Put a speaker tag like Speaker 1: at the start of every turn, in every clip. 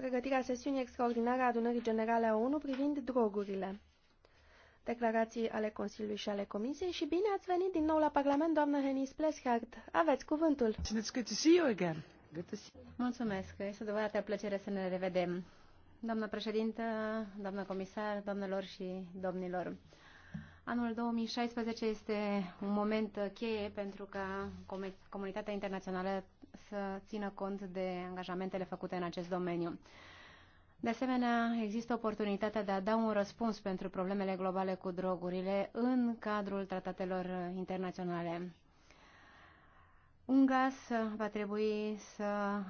Speaker 1: pregătirea sesiunii extraordinare a adunării generale a ONU privind drogurile. Declarații ale Consiliului și ale Comisiei și bine ați venit din nou la Parlament, doamnă Henis Pleschart. Aveți cuvântul. It's good to see you again. Good to see
Speaker 2: Mulțumesc. Este o adevărată plăcere să ne revedem. Doamnă președintă, doamnă comisar, doamnelor și domnilor. Anul 2016 este un moment cheie pentru ca comunitatea internațională să țină cont de angajamentele făcute în acest domeniu. De asemenea, există oportunitatea de a da un răspuns pentru problemele globale cu drogurile în cadrul tratatelor internaționale. UNGAS va trebui să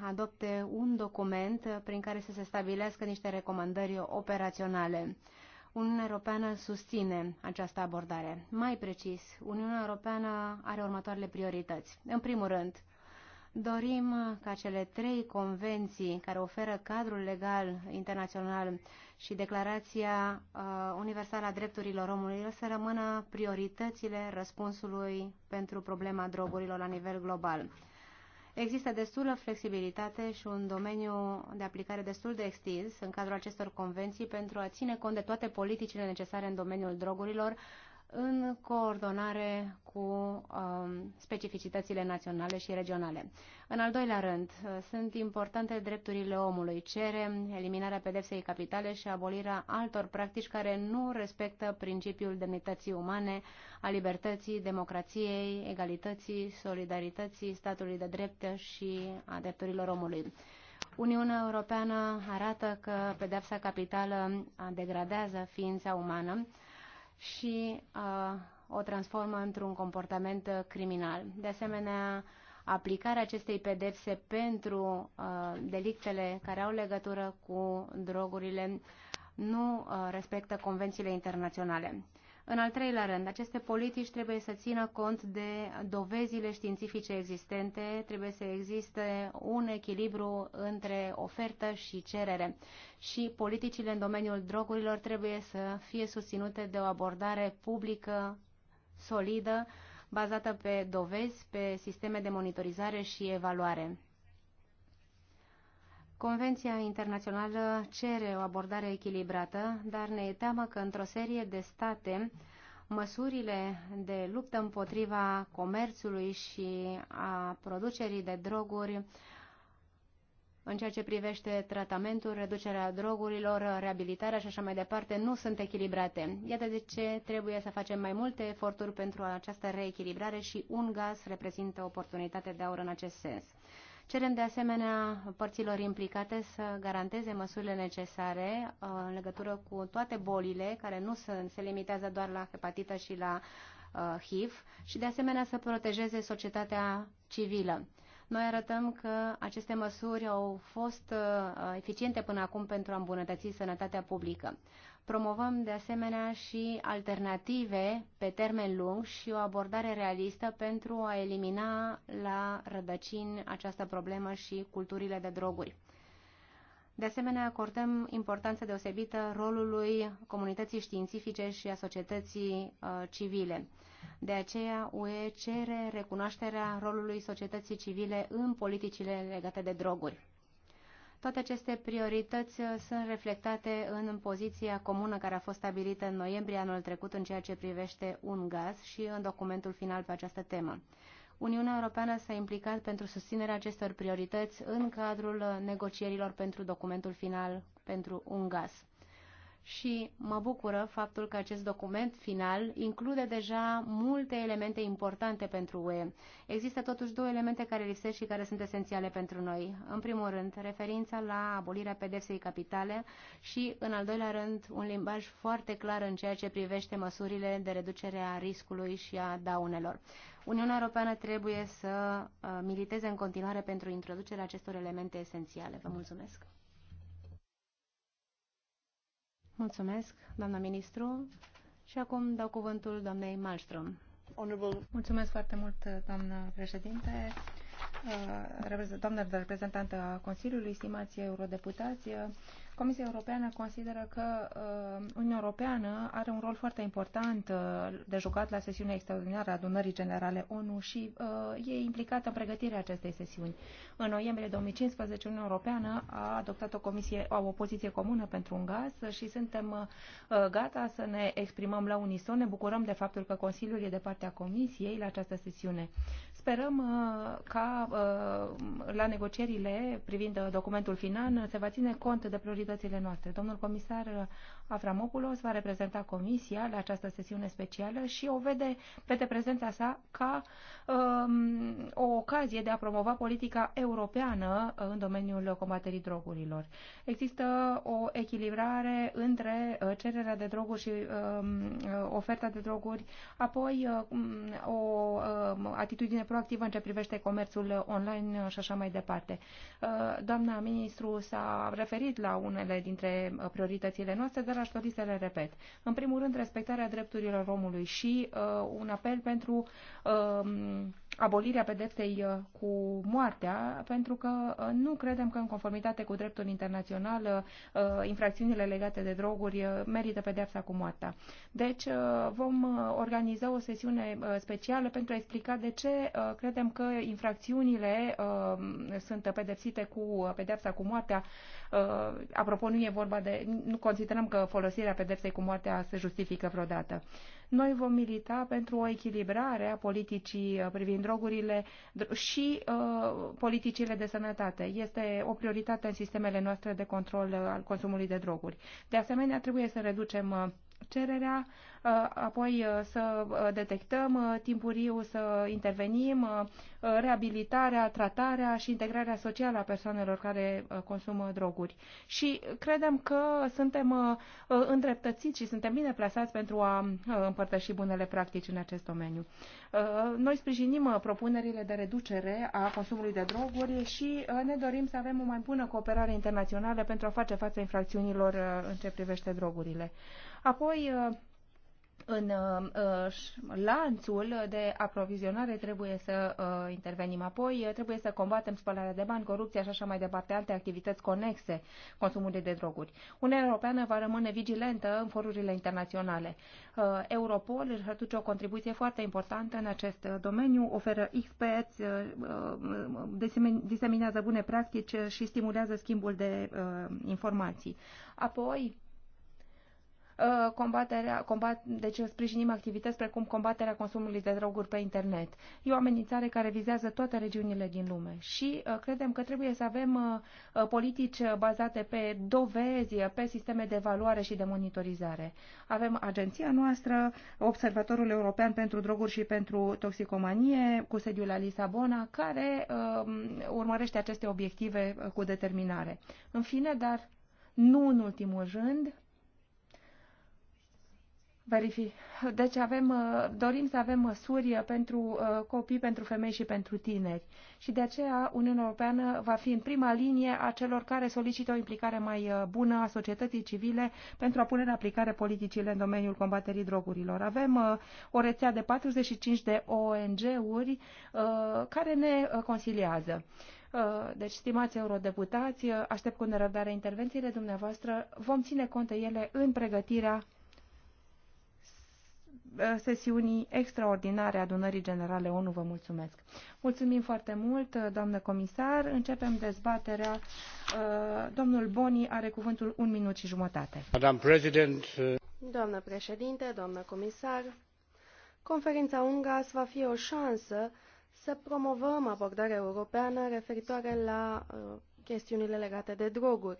Speaker 2: adopte un document prin care să se stabilească niște recomandări operaționale. Uniunea Europeană susține această abordare. Mai precis, Uniunea Europeană are următoarele priorități. În primul rând, Dorim uh, ca cele trei convenții care oferă cadrul legal internațional și Declarația uh, Universală a Drepturilor Omului să rămână prioritățile răspunsului pentru problema drogurilor la nivel global. Există destulă flexibilitate și un domeniu de aplicare destul de extins în cadrul acestor convenții pentru a ține cont de toate politicile necesare în domeniul drogurilor, în coordonare cu um, specificitățile naționale și regionale. În al doilea rând, uh, sunt importante drepturile omului. Cerem eliminarea pedepsei capitale și abolirea altor practici care nu respectă principiul demnității umane, a libertății, democrației, egalității, solidarității, statului de drept și a drepturilor omului. Uniunea Europeană arată că pedepsa capitală degradează ființa umană, și uh, o transformă într-un comportament uh, criminal. De asemenea, aplicarea acestei pedepse pentru uh, delictele care au legătură cu drogurile nu uh, respectă convențiile internaționale. În al treilea rând, aceste politici trebuie să țină cont de dovezile științifice existente, trebuie să existe un echilibru între ofertă și cerere și politicile în domeniul drogurilor trebuie să fie susținute de o abordare publică solidă, bazată pe dovezi, pe sisteme de monitorizare și evaluare. Convenția internațională cere o abordare echilibrată, dar ne e teamă că într-o serie de state măsurile de luptă împotriva comerțului și a producerii de droguri în ceea ce privește tratamentul, reducerea drogurilor, reabilitarea și așa mai departe, nu sunt echilibrate. Iată de ce trebuie să facem mai multe eforturi pentru această reechilibrare și un gaz reprezintă oportunitate de aur în acest sens. Cerem de asemenea părților implicate să garanteze măsurile necesare uh, în legătură cu toate bolile care nu sunt, se limitează doar la hepatită și la uh, HIV și de asemenea să protejeze societatea civilă. Noi arătăm că aceste măsuri au fost uh, eficiente până acum pentru a îmbunătăți sănătatea publică. Promovăm de asemenea și alternative pe termen lung și o abordare realistă pentru a elimina la rădăcini această problemă și culturile de droguri. De asemenea, acordăm importanță deosebită rolului comunității științifice și a societății uh, civile. De aceea, UE cere recunoașterea rolului societății civile în politicile legate de droguri. Toate aceste priorități uh, sunt reflectate în poziția comună care a fost stabilită în noiembrie anul trecut în ceea ce privește un gaz și în documentul final pe această temă. Uniunea Europeană s-a implicat pentru susținerea acestor priorități în cadrul uh, negocierilor pentru documentul final pentru un gaz și mă bucură faptul că acest document final include deja multe elemente importante pentru UE. Există totuși două elemente care lipsesc și care sunt esențiale pentru noi. În primul rând, referința la abolirea pedepsei capitale și, în al doilea rând, un limbaj foarte clar în ceea ce privește măsurile de reducere a riscului și a daunelor. Uniunea Europeană trebuie să uh, militeze în continuare pentru introducerea acestor elemente esențiale. Vă mulțumesc! Mulțumesc, doamna ministru. Și acum dau cuvântul doamnei Malmström. Honorable. Mulțumesc foarte mult, doamnă președinte,
Speaker 3: uh, doamnă reprezentantă a Consiliului, stimați eurodeputați. Uh, Comisia Europeană consideră că uh, Uniunea Europeană are un rol foarte important uh, de jucat la sesiunea extraordinară a adunării generale ONU și uh, e implicată în pregătirea acestei sesiuni. În noiembrie 2015, Uniunea Europeană a adoptat o, comisie, o poziție comună pentru un gaz și suntem uh, gata să ne exprimăm la unison. Ne bucurăm de faptul că Consiliul e de partea Comisiei la această sesiune. Sperăm uh, ca uh, la negocierile privind documentul final se va ține cont de prioritățile prioritățile noastre. Domnul comisar Avramopoulos va reprezenta Comisia la această sesiune specială și o vede, vede prezența sa ca um, o ocazie de a promova politica europeană uh, în domeniul combaterii drogurilor. Există o echilibrare între uh, cererea de droguri și um, uh, oferta de droguri, apoi um, o um, atitudine proactivă în ce privește comerțul online și așa mai departe. Uh, doamna ministru s-a referit la unele dintre prioritățile noastre, dar aș dori să le repet. În primul rând, respectarea drepturilor omului și uh, un apel pentru uh, abolirea pedepsei uh, cu moartea, pentru că uh, nu credem că în conformitate cu dreptul internațional uh, infracțiunile legate de droguri merită pedepsa cu moartea. Deci vom organiza o sesiune specială pentru a explica de ce credem că infracțiunile sunt pedepsite cu pedepsa cu moartea. Apropo, nu e vorba de... nu considerăm că folosirea pedepsei cu moartea se justifică vreodată. Noi vom milita pentru o echilibrare a politicii uh, privind drogurile și uh, politicile de sănătate. Este o prioritate în sistemele noastre de control uh, al consumului de droguri. De asemenea, trebuie să reducem uh, cererea, uh, apoi uh, să uh, detectăm timpuriu, să intervenim, reabilitarea, tratarea și integrarea socială a persoanelor care consumă droguri. Și credem că suntem îndreptățiți și suntem bine plasați pentru a împărtăși bunele practici în acest domeniu. Noi sprijinim propunerile de reducere a consumului de droguri și ne dorim să avem o mai bună cooperare internațională pentru a face față infracțiunilor în ce privește drogurile. Apoi, uh, în uh, lanțul de aprovizionare trebuie să uh, intervenim apoi, trebuie să combatem spălarea de bani, corupția și așa mai departe, alte activități conexe consumului de droguri. Uniunea Europeană va rămâne vigilentă în forurile internaționale. Europol își aduce o contribuție foarte importantă în acest domeniu, oferă experți, diseminează bune practici și stimulează schimbul de informații. Apoi, Uh, combaterea, combat, deci sprijinim activități precum combaterea consumului de droguri pe internet. E o amenințare care vizează toate regiunile din lume și uh, credem că trebuie să avem uh, politici bazate pe dovezi, pe sisteme de evaluare și de monitorizare. Avem agenția noastră, Observatorul European pentru Droguri și pentru Toxicomanie, cu sediul la Lisabona, care um, urmărește aceste obiective cu determinare. În fine, dar nu în ultimul rând, verific. Deci avem, uh, dorim să avem măsuri pentru uh, copii, pentru femei și pentru tineri. Și de aceea Uniunea Europeană va fi în prima linie a celor care solicită o implicare mai uh, bună a societății civile pentru a pune în aplicare politicile în domeniul combaterii drogurilor. Avem o rețea de 45 de ONG-uri care ne consiliază. Deci, stimați eurodeputați, aștept cu nerăbdare intervențiile dumneavoastră. Vom ține cont de ele în pregătirea sesiunii extraordinare a adunării generale ONU. Vă mulțumesc. Mulțumim foarte mult, doamnă comisar. Începem dezbaterea. Uh, domnul Boni are cuvântul un minut și jumătate. Uh,
Speaker 1: doamnă președinte, doamnă comisar, conferința UNGAS va fi o șansă să promovăm abordarea europeană referitoare la uh, chestiunile legate de droguri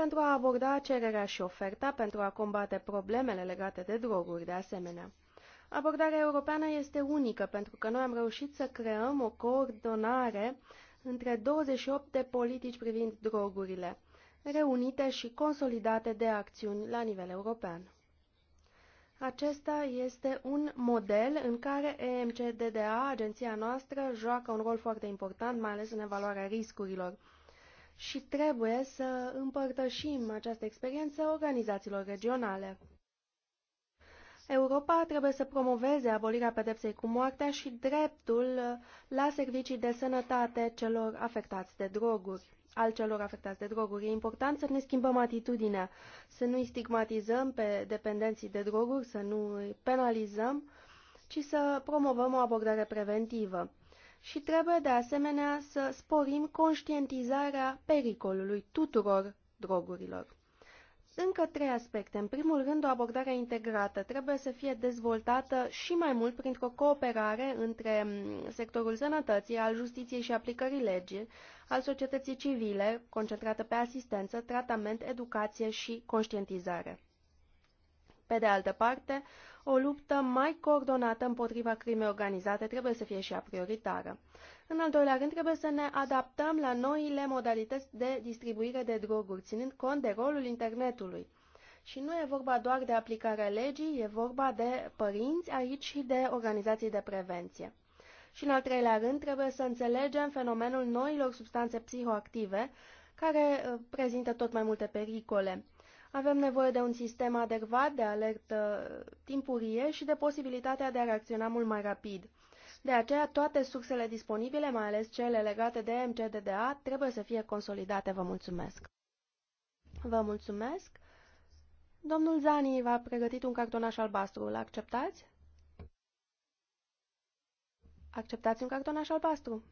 Speaker 1: pentru a aborda cererea și oferta, pentru a combate problemele legate de droguri, de asemenea. Abordarea europeană este unică pentru că noi am reușit să creăm o coordonare între 28 de politici privind drogurile, reunite și consolidate de acțiuni la nivel european. Acesta este un model în care EMCDDA, agenția noastră, joacă un rol foarte important, mai ales în evaluarea riscurilor și trebuie să împărtășim această experiență organizațiilor regionale. Europa trebuie să promoveze abolirea pedepsei cu moartea și dreptul la servicii de sănătate celor afectați de droguri al celor afectați de droguri. E important să ne schimbăm atitudinea, să nu stigmatizăm pe dependenții de droguri, să nu penalizăm, ci să promovăm o abordare preventivă și trebuie de asemenea să sporim conștientizarea pericolului tuturor drogurilor. Încă trei aspecte. În primul rând, o abordare integrată trebuie să fie dezvoltată și mai mult printr-o cooperare între mm, sectorul sănătății, al justiției și aplicării legii, al societății civile, concentrată pe asistență, tratament, educație și conștientizare. Pe de altă parte, o luptă mai coordonată împotriva crimei organizate trebuie să fie și a prioritară. În al doilea rând, trebuie să ne adaptăm la noile modalități de distribuire de droguri, ținând cont de rolul internetului. Și nu e vorba doar de aplicarea legii, e vorba de părinți aici și de organizații de prevenție. Și în al treilea rând, trebuie să înțelegem fenomenul noilor substanțe psihoactive, care uh, prezintă tot mai multe pericole avem nevoie de un sistem adecvat de alertă timpurie și de posibilitatea de a reacționa mult mai rapid. De aceea, toate sursele disponibile, mai ales cele legate de MCDDA, trebuie să fie consolidate. Vă mulțumesc! Vă mulțumesc! Domnul Zani v-a pregătit un cartonaș albastru. Îl acceptați? Acceptați un cartonaș albastru?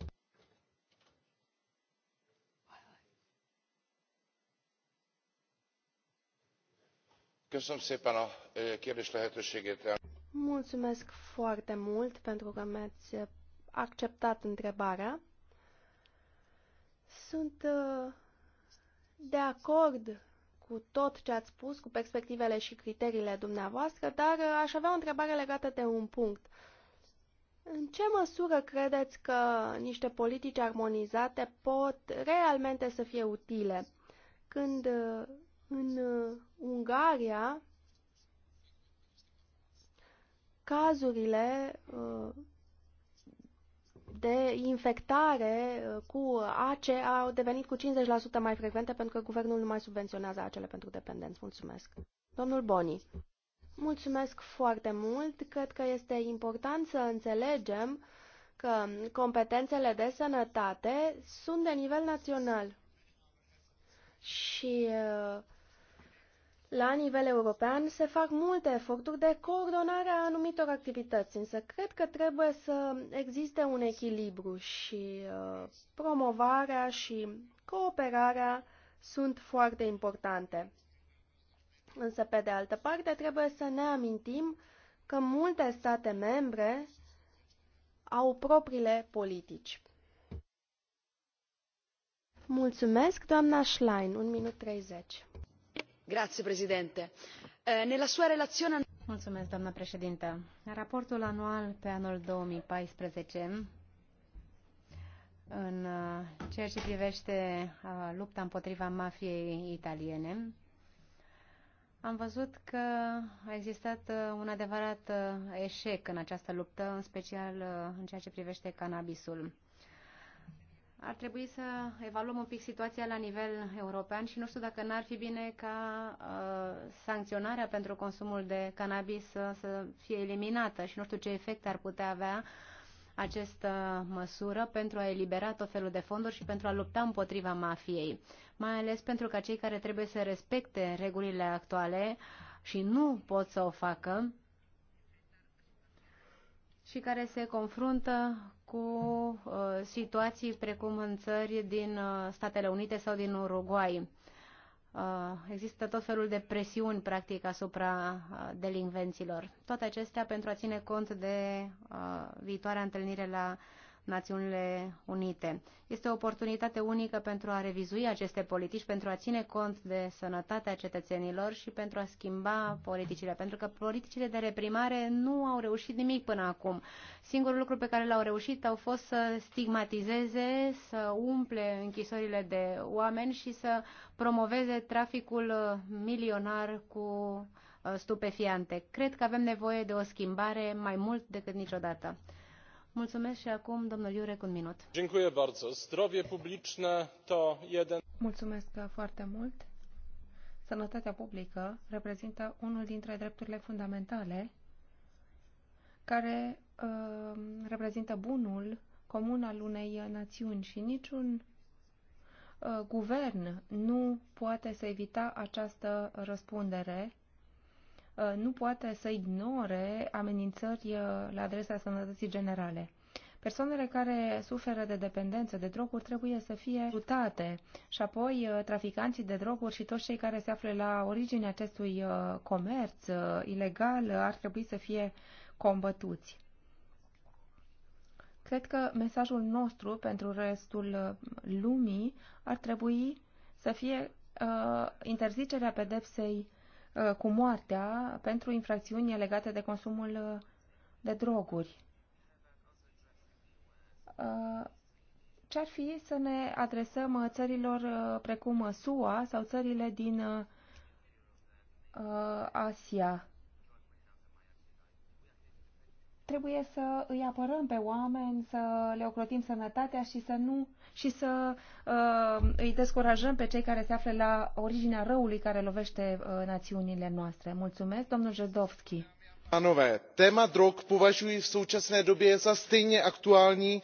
Speaker 1: Mulțumesc foarte mult pentru că mi-ați acceptat întrebarea. Sunt de acord cu tot ce ați spus, cu perspectivele și criteriile dumneavoastră, dar aș avea o întrebare legată de un punct. În ce măsură credeți că niște politici armonizate pot realmente să fie utile când în uh, Ungaria cazurile uh, de infectare uh, cu ACE au devenit cu 50% mai frecvente pentru că guvernul nu mai subvenționează acele pentru dependenți. Mulțumesc. Domnul Boni. Mulțumesc foarte mult. Cred că este important să înțelegem că competențele de sănătate sunt de nivel național. Și uh, la nivel european se fac multe eforturi de coordonare a anumitor activități, însă cred că trebuie să existe un echilibru și uh, promovarea și cooperarea sunt foarte importante. Însă, pe de altă parte, trebuie să ne amintim că multe state membre au propriile politici. Mulțumesc, doamna Schlein, Un minut
Speaker 2: 30. Eh, doamnă președintă raportul anual pe anul două mii paisprezece în uh, ceea ce privește uh, lupta împotriva mafiei italiene am văzut că a existat uh, un adevărat eșec în această luptă, în special în ceea ce privește cannabisul ar trebui să evaluăm un pic situația la nivel european și nu știu dacă n-ar fi bine ca uh, sancționarea pentru consumul de cannabis să, să fie eliminată și nu știu ce efect ar putea avea această măsură pentru a elibera tot felul de fonduri și pentru a lupta împotriva mafiei, mai ales pentru ca cei care trebuie să respecte regulile actuale și nu pot să o facă, și care se confruntă cu uh, situații precum în țări din uh, Statele Unite sau din Uruguay. Uh, există tot felul de presiuni, practic, asupra uh, delinvenților. Toate acestea pentru a ține cont de uh, viitoarea întâlnire la uh, Națiunile Unite. Este o oportunitate unică pentru a revizui aceste politici, pentru a ține cont de sănătatea cetățenilor și pentru a schimba politicile, pentru că politicile de reprimare nu au reușit nimic până acum. Singurul lucru pe care l-au reușit au fost să stigmatizeze, să umple închisorile de oameni și să promoveze traficul milionar cu uh, stupefiante. Cred că avem nevoie de o schimbare mai mult decât niciodată. Mulțumesc și acum, domnul Iurec, un minut. Dziękuję bardzo. Zdrowie publiczne to jeden... Mulțumesc foarte mult.
Speaker 3: Sănătatea publică reprezintă unul dintre drepturile fundamentale care uh, reprezintă bunul comun al unei națiuni și niciun uh, guvern nu poate să evita această răspundere Uh, nu poate să ignore amenințări uh, la adresa sănătății generale. Persoanele care suferă de dependență de droguri trebuie să fie ajutate și apoi uh, traficanții de droguri și toți cei care se află la originea acestui comerț ilegal ar trebui să fie combătuți. Cred că mesajul nostru pentru restul lumii ar trebui să fie uh, interzicerea pedepsei Uh, cu moartea pentru infracțiuni legate de consumul uh, de droguri. Uh, ce-ar fi să ne adresăm țărilor precum SUA sau țările din Asia? trebuie să îi apărăm pe oameni, să le ocrotim sănătatea și să nu și să uh, îi descurajăm pe cei care se află la originea răului care lovește uh, națiunile noastre. Mulțumesc, domnul Jedovski
Speaker 1: tema drog považuji v současné době za stejně aktuální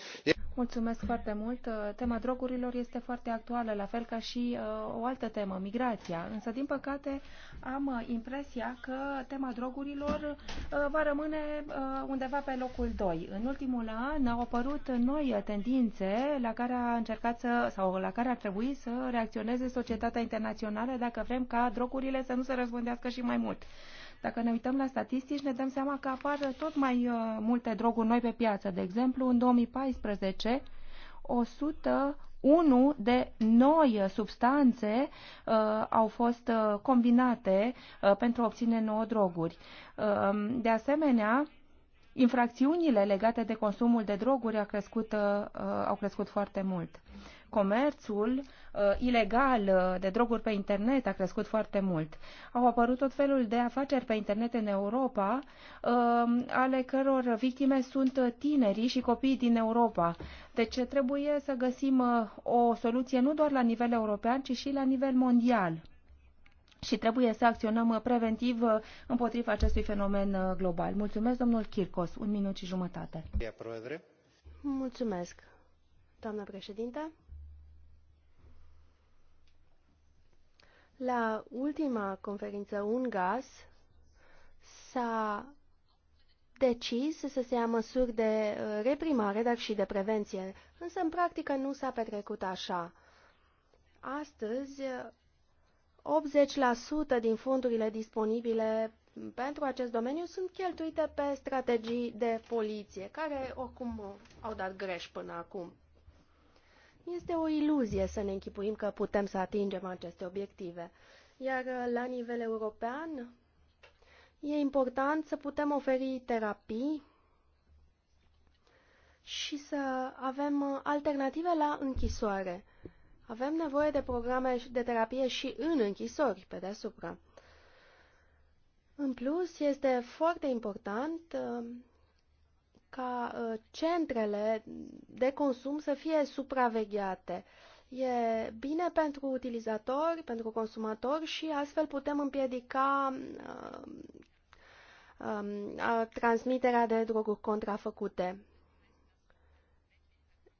Speaker 3: Mulțumesc foarte mult. Tema drogurilor este foarte actuală, la fel ca și uh, o altă temă, migrația. Însă, din păcate, am uh, impresia că tema drogurilor uh, va rămâne undeva pe locul 2. În ultimul an au apărut noi tendințe la care a încercat să, sau la care ar trebui să reacționeze societatea internațională dacă vrem ca drogurile să nu se răzbândească și mai mult. Dacă ne uităm la statistici, ne dăm seama că apar tot mai uh, multe droguri noi pe piață. De exemplu, în 2014, 101 de noi substanțe uh, au fost uh, combinate uh, pentru a obține nouă droguri. Uh, de asemenea, infracțiunile legate de consumul de droguri au crescut, uh, uh, au crescut foarte mult. Uh, comerțul uh, ilegal uh, de droguri pe internet a crescut foarte mult. Au apărut tot felul de afaceri pe internet în Europa, uh, ale căror victime sunt tinerii și copiii din Europa. Deci trebuie să găsim uh, o soluție nu doar la nivel european, ci și la nivel mondial și trebuie să acționăm uh, preventiv uh, împotriva acestui fenomen global. Mulțumesc, domnul Kirkos. Un minut și jumătate. Mulțumesc, doamnă președinte.
Speaker 1: La ultima conferință UNGAS s-a decis să se ia măsuri de uh, reprimare, dar și de prevenție, însă în practică nu s-a petrecut așa. Astăzi, 80% din fondurile disponibile pentru acest domeniu sunt cheltuite pe strategii de poliție, care oricum au dat greș până acum. Este o iluzie să ne închipuim că putem să atingem aceste obiective. Iar uh, la nivel european, e important să putem oferi terapii și să avem uh, alternative la închisoare. Avem nevoie de programe de terapie și în închisori, pe deasupra. În plus, este foarte important uh, ca ă, centrele de consum să fie supravegheate. E bine pentru utilizatori, pentru consumatori și astfel putem împiedica ă, ă, transmiterea de droguri contrafăcute.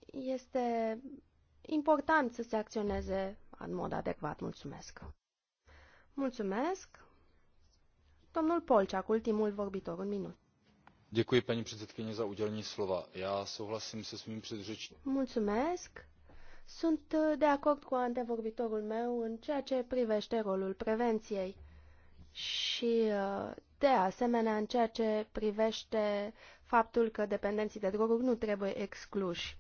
Speaker 1: Este important să se acționeze în mod adecvat. Mulțumesc! Mulțumesc! Domnul Polceac, ultimul vorbitor, un minut
Speaker 3: paní předsedající já souhlasím se svým předřečníkem.
Speaker 1: sunt uh, de acord cu antevorbitorul meu în ceea ce privește rolul prevenției și uh, de asemenea în ceea ce privește faptul că dependenții de droguri nu trebuie excluși.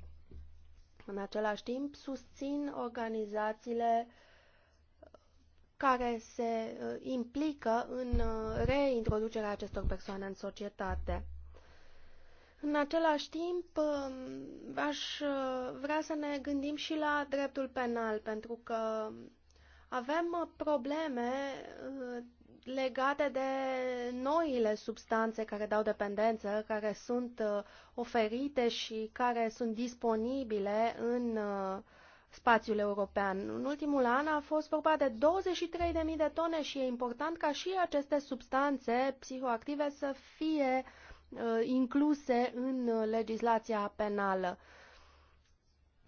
Speaker 1: În același timp, susțin organizațiile care se uh, implică în reintroducerea acestor persoane în societate. În același timp, um, aș uh, vrea să ne gândim și la dreptul penal, pentru că avem uh, probleme uh, legate de noile substanțe care dau dependență, care sunt oferite și care sunt disponibile în spațiul european. În ultimul an a fost vorba de 23.000 de tone și e important ca și aceste substanțe psihoactive să fie uh, Uh, incluse în uh, legislația penală.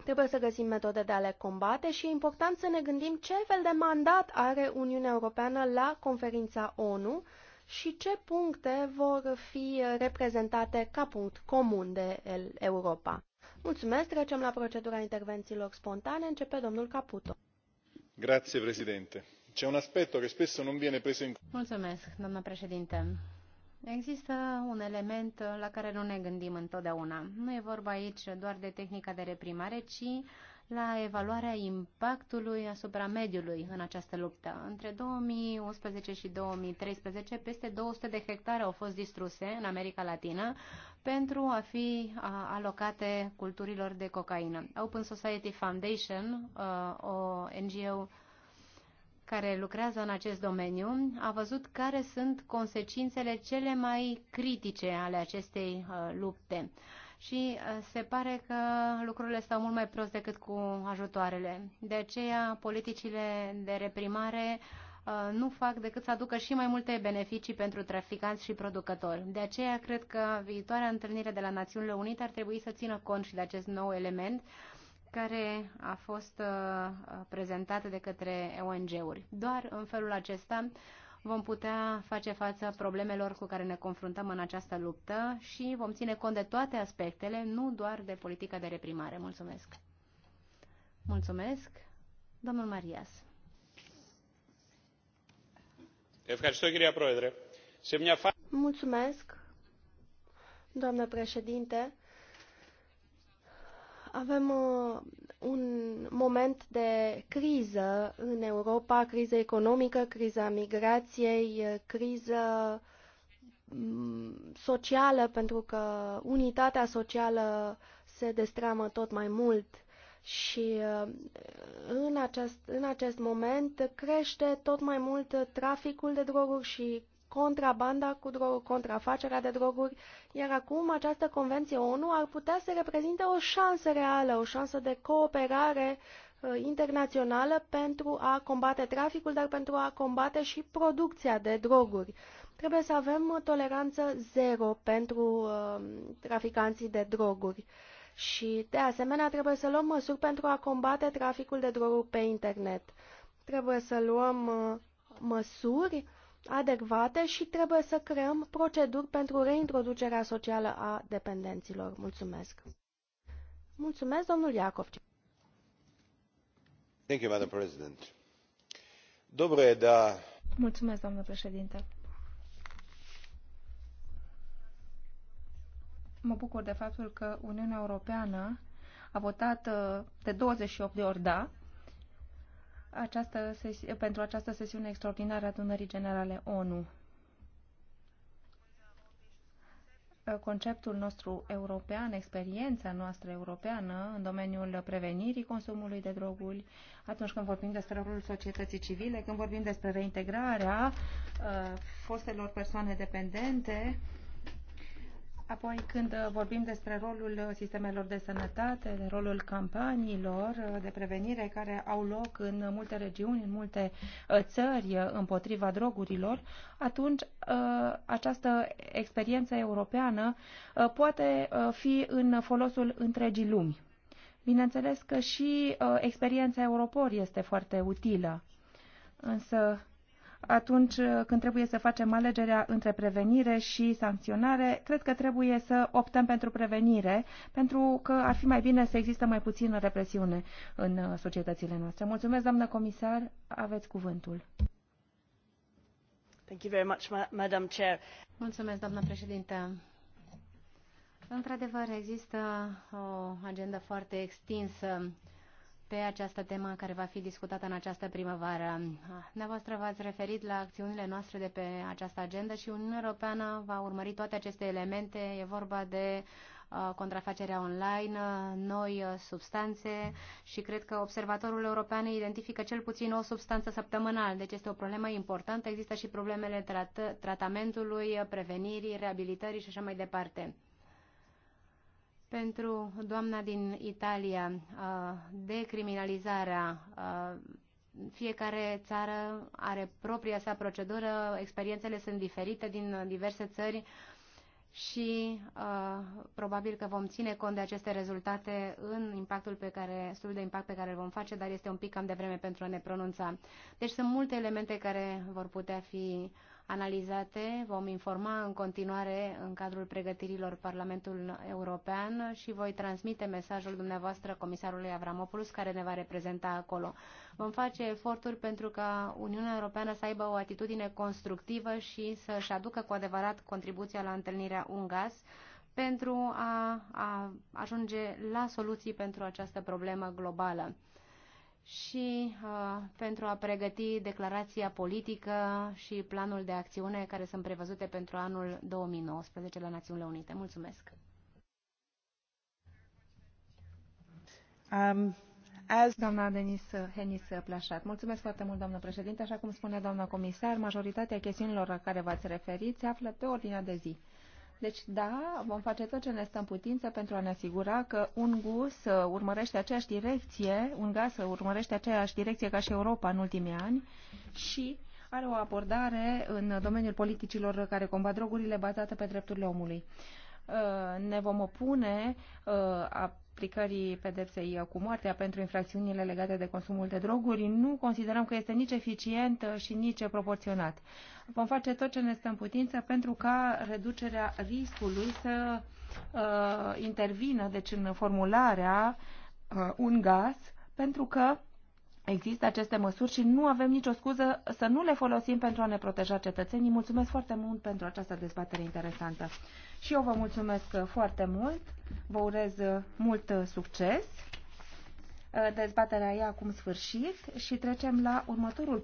Speaker 1: Trebuie să găsim metode de a le combate și e important să ne gândim ce fel de mandat are Uniunea Europeană la conferința ONU și ce puncte vor fi reprezentate ca punct comun de Europa. Mulțumesc, trecem la
Speaker 2: procedura intervențiilor spontane. Începe domnul Caputo. Grazie, președinte. C'è un aspetto che spesso non viene preso in... Mulțumesc, doamna președinte Există un element uh, la care nu ne gândim întotdeauna. Nu e vorba aici doar de tehnica de reprimare, ci la evaluarea impactului asupra mediului în această luptă. Între 2011 și 2013, peste 200 de hectare au fost distruse în America Latină pentru a fi alocate culturilor de cocaină. Open Society Foundation, uh, o NGO care lucrează în acest domeniu a văzut care sunt consecințele cele mai critice ale acestei uh, lupte. Și uh, se pare că lucrurile stau mult mai prost decât cu ajutoarele. De aceea, politicile de reprimare uh, nu fac decât să aducă și mai multe beneficii pentru traficanți și producători. De aceea, cred că viitoarea întâlnire de la Națiunile Unite ar trebui să țină cont și de acest nou element care a fost uh, prezentată de către ONG-uri. Doar în felul acesta vom putea face față problemelor cu care ne confruntăm în această luptă și vom ține cont de toate aspectele, nu doar de politica de reprimare. Mulțumesc! Mulțumesc, domnul Marias. Mulțumesc,
Speaker 1: doamnă președinte. Avem uh, un moment de criză în Europa, criză economică, criza migrației, uh, criză
Speaker 3: mm,
Speaker 1: socială, pentru că unitatea socială se destramă tot mai mult și uh, în acest, în acest moment crește tot mai mult traficul de droguri și contrabanda cu droguri, contrafacerea de droguri, iar acum această convenție ONU ar putea să reprezinte o șansă reală, o șansă de cooperare uh, internațională pentru a combate traficul, dar pentru a combate și producția de droguri. Trebuie să avem toleranță zero pentru uh, traficanții de droguri. Și, de asemenea, trebuie să luăm măsuri pentru a combate traficul de droguri pe internet. Trebuie să luăm uh, măsuri adecvate și trebuie să creăm proceduri pentru reintroducerea socială a dependenților. Mulțumesc! Mulțumesc, domnul Iacov. Thank you, Madam President. Dobre, da...
Speaker 3: Mulțumesc, doamnă președinte. Mă bucur de faptul că Uniunea Europeană a votat uh, de 28 de ori da această sesi- pentru această sesiune extraordinară a Dunării generale ONU. Conceptul nostru european, experiența noastră europeană în domeniul prevenirii consumului de droguri, atunci când vorbim despre rolul societății civile, când vorbim despre reintegrarea uh, fostelor persoane dependente, uh, Apoi, când uh, vorbim despre rolul uh, sistemelor de sănătate, de rolul campaniilor uh, de prevenire care au loc în multe regiuni, în multe țări împotriva drogurilor, atunci această experiență europeană poate fi în folosul întregii lumi. Bineînțeles că și experiența Europor este foarte utilă, însă atunci uh, când trebuie să facem alegerea între prevenire și sancționare, cred că trebuie să optăm pentru prevenire, pentru că ar fi mai bine să există mai puțină represiune în uh, societățile noastre. Mulțumesc, doamnă comisar, aveți cuvântul.
Speaker 1: Thank you very much, Madam Chair. Mulțumesc, doamnă președintă.
Speaker 2: Într-adevăr, există o agendă foarte extinsă pe această temă care va fi discutată în această primăvară. Dumneavoastră v-ați referit la acțiunile noastre de pe această agendă și Uniunea Europeană va urmări toate aceste elemente. E vorba de uh, contrafacerea online, noi uh, substanțe și cred că observatorul european identifică cel puțin o substanță săptămânal, deci este o problemă importantă. Există și problemele tratamentului, prevenirii, reabilitării și așa mai departe pentru doamna din Italia, uh, decriminalizarea. Uh, fiecare țară are propria sa procedură, experiențele sunt diferite din diverse țări și uh, probabil că vom ține cont de aceste rezultate în impactul pe care, studiul de impact pe care îl vom face, dar este un pic cam de vreme pentru a ne pronunța. Deci sunt multe elemente care vor putea fi uh, analizate. Vom informa în continuare în cadrul pregătirilor Parlamentul European și voi transmite mesajul dumneavoastră comisarului Avramopoulos, care ne va reprezenta acolo. Vom face eforturi pentru ca Uniunea Europeană să aibă o atitudine constructivă și să-și aducă cu adevărat contribuția la întâlnirea UNGAS pentru a, a ajunge la soluții pentru această problemă globală și uh, pentru a pregăti declarația politică și planul de acțiune care sunt prevăzute pentru anul 2019 la Națiunile Unite. Mulțumesc!
Speaker 3: Um, as... Doamna Denis uh, Henis uh, Plașat. Mulțumesc foarte mult, doamnă președinte. Așa cum spune doamna comisar, majoritatea chestiunilor la care v-ați referit se află pe ordinea de zi deci, da, vom face tot ce ne stă în putință pentru a ne asigura că un gus uh, urmărește aceeași direcție, un gaz uh, urmărește aceeași direcție ca și Europa în ultimii ani și are o abordare în domeniul politicilor care combat drogurile bazată pe drepturile omului. Uh, ne vom opune aplicării pedepsei cu moartea pentru infracțiunile legate de consumul de droguri, nu considerăm că este nici eficient și nici proporționat. Vom face tot ce ne stă în putință pentru ca reducerea riscului să uh, intervină deci în formularea uh, un gaz, pentru că există aceste măsuri și nu avem nicio scuză să nu le folosim pentru a ne proteja cetățenii. Mulțumesc foarte mult pentru această dezbatere interesantă. Și eu vă mulțumesc foarte mult, vă urez mult succes. Dezbaterea e acum sfârșit și trecem la următorul